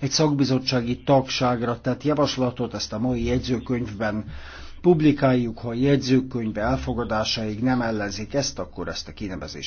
egy szakbizottsági tagságra tett javaslatot, ezt a mai jegyzőkönyvben publikáljuk, ha a jegyzőkönyv elfogadásaig nem ellenzik ezt, akkor ezt a kinevezést